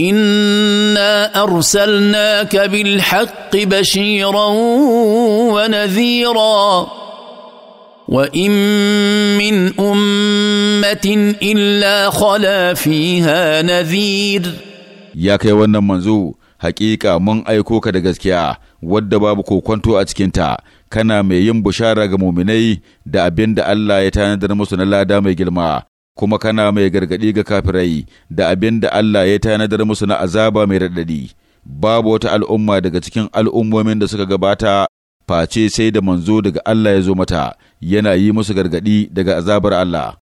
انا ارسلناك بالحق بشيرا ونذيرا وان من امه الا خلا فيها نذير يا كي wannan manzo haƙiƙa mun aiko ka da gaskiya wadda babu kokonto a cikinta kana mai yin bushara ga muminai da abinda Allah ya tanadar musu na lada mai girma kuma kana mai gargaɗi ga kafirai da abin da Allah ya tanadar musu na azaba mai raɗaɗi. Babu wata al'umma daga cikin al'ummomin da suka gabata face sai da manzo daga Allah ya zo mata yana yi musu gargaɗi daga azabar Allah.